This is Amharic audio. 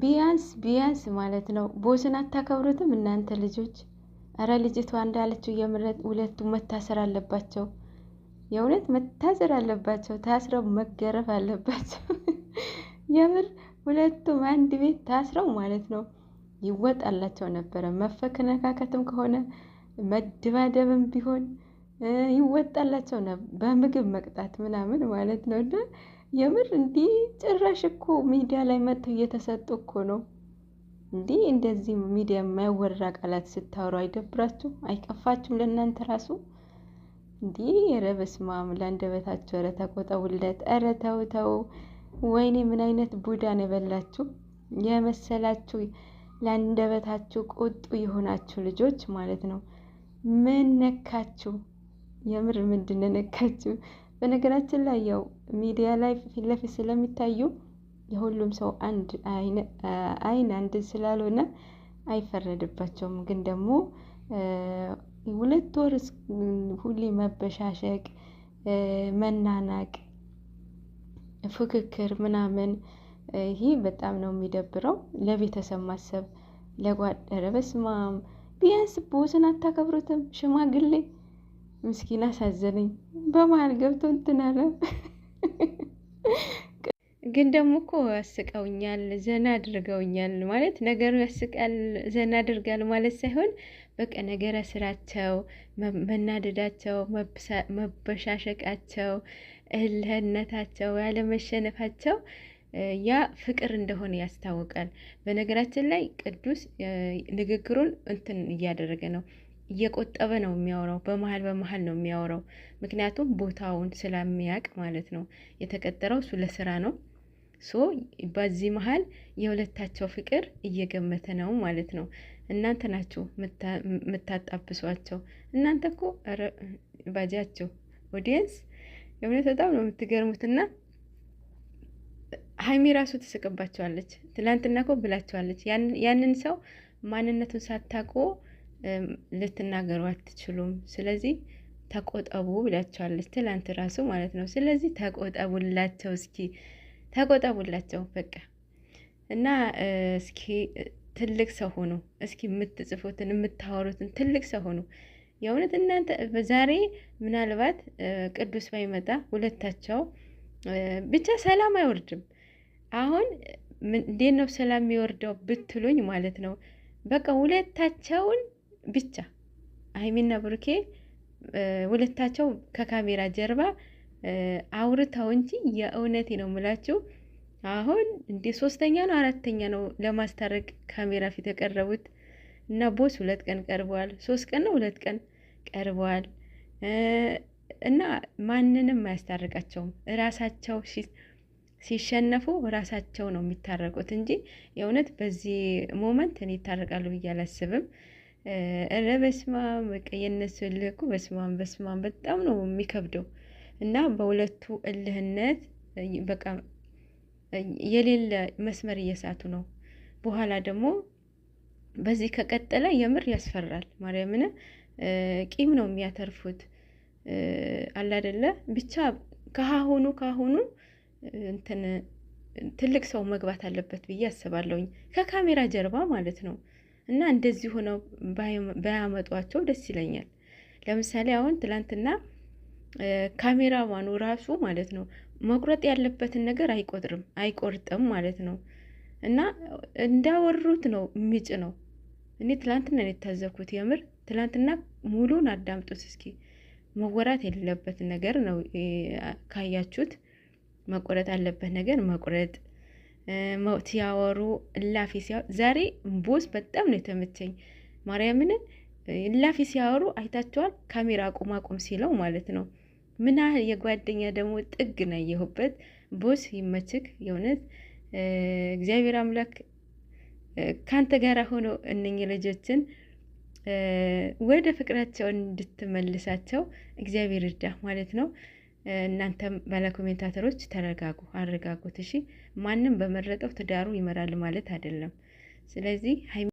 ቢያንስ ቢያንስ ማለት ነው ቦስን አታከብሩትም እናንተ ልጆች። እረ ልጅቷ እንዳለችው የምረት ሁለቱ መታሰር አለባቸው። የእውነት መታሰር አለባቸው። ታስረው መገረፍ አለባቸው። የምር ሁለቱም አንድ ቤት ታስረው ማለት ነው ይወጣላቸው ነበረ። መፈከነካከትም ከሆነ መደባደብም ቢሆን ይወጣላቸው ነበር። በምግብ መቅጣት ምናምን ማለት ነው እና የምር እንዲህ ጭራሽ እኮ ሚዲያ ላይ መጥተው እየተሰጡ እኮ ነው። እንዲህ እንደዚህ ሚዲያ የማያወራ ቃላት ስታወሩ አይደብራችሁ? አይቀፋችሁም? ለእናንተ ራሱ እንዲህ ኧረ በስመ አብ ለአንደበታችሁ ኧረ ተቆጠቡለት። ኧረ ተው ተው። ወይኔ ምን አይነት ቡዳን የበላችሁ የመሰላችሁ ለአንደበታችሁ ቁጡ የሆናችሁ ልጆች ማለት ነው። ምን ነካችሁ? የምር ምንድን ነካችሁ? በነገራችን ላይ ያው ሚዲያ ላይ ፊት ለፊት ስለሚታዩ የሁሉም ሰው አንድ አይን አንድ ስላልሆነ አይፈረድባቸውም። ግን ደግሞ ሁለት ወር ሁሌ መበሻሸቅ፣ መናናቅ፣ ፍክክር ምናምን ይሄ በጣም ነው የሚደብረው። ለቤተሰብ ማሰብ ለጓደረ በስማም ቢያንስ ቦስን አታከብሩትም ሽማግሌ ምስኪን አሳዘነኝ። በመሀል ገብቶ እንትን አለ። ግን ደግሞ እኮ ያስቀውኛል፣ ዘና አድርገውኛል ማለት ነገሩ ያስቃል፣ ዘና አድርጋል ማለት ሳይሆን በቃ ነገረ ስራቸው፣ መናደዳቸው፣ መበሻሸቃቸው፣ እልህነታቸው፣ ያለመሸነፋቸው ያ ፍቅር እንደሆነ ያስታውቃል። በነገራችን ላይ ቅዱስ ንግግሩን እንትን እያደረገ ነው እየቆጠበ ነው የሚያወራው። በመሀል በመሀል ነው የሚያወራው። ምክንያቱም ቦታውን ስለሚያውቅ ማለት ነው። የተቀጠረው እሱ ለስራ ነው። ሶ በዚህ መሀል የሁለታቸው ፍቅር እየገመተ ነው ማለት ነው። እናንተ ናችሁ የምታጣብሷቸው። እናንተ እኮ ባጃቸው ኦዲየንስ የእውነት በጣም ነው የምትገርሙትና ሀይሚ ራሱ ትስቅባቸዋለች። ትላንትና እኮ ብላቸዋለች። ያንን ሰው ማንነቱን ሳታውቁ ልትናገሩ አትችሉም። ስለዚህ ተቆጠቡ ብላቸዋለች፣ ትላንት ራሱ ማለት ነው። ስለዚህ ተቆጠቡላቸው፣ እስኪ ተቆጠቡላቸው በቃ እና እስኪ ትልቅ ሰው ሆኑ። እስኪ የምትጽፉትን የምታወሩትን ትልቅ ሰው ሆኑ። የእውነት እናንተ በዛሬ ምናልባት ቅዱስ ባይመጣ ሁለታቸው ብቻ ሰላም አይወርድም። አሁን እንዴት ነው ሰላም የሚወርደው ብትሉኝ ማለት ነው በቃ ሁለታቸውን ብቻ ሀይሚና ብሩኬ ሁለታቸው ከካሜራ ጀርባ አውርተው እንጂ የእውነቴ ነው የምላችሁ። አሁን እንደ ሶስተኛ ነው አራተኛ ነው ለማስታረቅ ካሜራ ፊት የቀረቡት እና ቦስ ሁለት ቀን ቀርበዋል። ሶስት ቀን ነው ሁለት ቀን ቀርበዋል እና ማንንም አያስታርቃቸውም። ራሳቸው ሲሸነፉ ራሳቸው ነው የሚታረቁት እንጂ የእውነት በዚህ ሞመንት እኔ ይታረቃሉ ብዬ አላስብም። እረ በስማም በቃ የነሱ እልህ እኮ በስማም በስማም በጣም ነው የሚከብደው። እና በሁለቱ እልህነት በቃ የሌለ መስመር እየሳቱ ነው። በኋላ ደግሞ በዚህ ከቀጠለ የምር ያስፈራል። ማርያምን ቂም ነው የሚያተርፉት አላደለ ብቻ ከአሁኑ ከአሁኑ እንትን ትልቅ ሰው መግባት አለበት ብዬ አስባለሁኝ ከካሜራ ጀርባ ማለት ነው። እና እንደዚህ ሆነው ባያመጧቸው ደስ ይለኛል። ለምሳሌ አሁን ትላንትና ካሜራማኑ ራሱ ማለት ነው መቁረጥ ያለበትን ነገር አይቆጥርም አይቆርጥም ማለት ነው እና እንዳወሩት ነው ሚጭ ነው። እኔ ትላንትና ነው የታዘብኩት። የምር ትላንትና ሙሉን አዳምጡት እስኪ። መወራት የሌለበት ነገር ነው ካያችሁት፣ መቆረጥ ያለበት ነገር መቁረጥ ሲያወሩ እላፊ ሲያወሩ ዛሬ ቦስ በጣም ነው የተመቸኝ። ማርያምን እላፊ ሲያወሩ አይታችኋል። ካሜራ አቁም አቁም ሲለው ማለት ነው። ምን ያህል የጓደኛ ደግሞ ጥግ ነው ያየሁበት። ቦስ ይመችክ፣ የእውነት እግዚአብሔር አምላክ ከአንተ ጋር ሆኖ እነኝ ልጆችን ወደ ፍቅራቸው እንድትመልሳቸው እግዚአብሔር እርዳ ማለት ነው። እናንተም ባለኮሜንታተሮች ተረጋጉ፣ አረጋጉት። እሺ ማንም በመረጠው ትዳሩ ይመራል ማለት አይደለም። ስለዚህ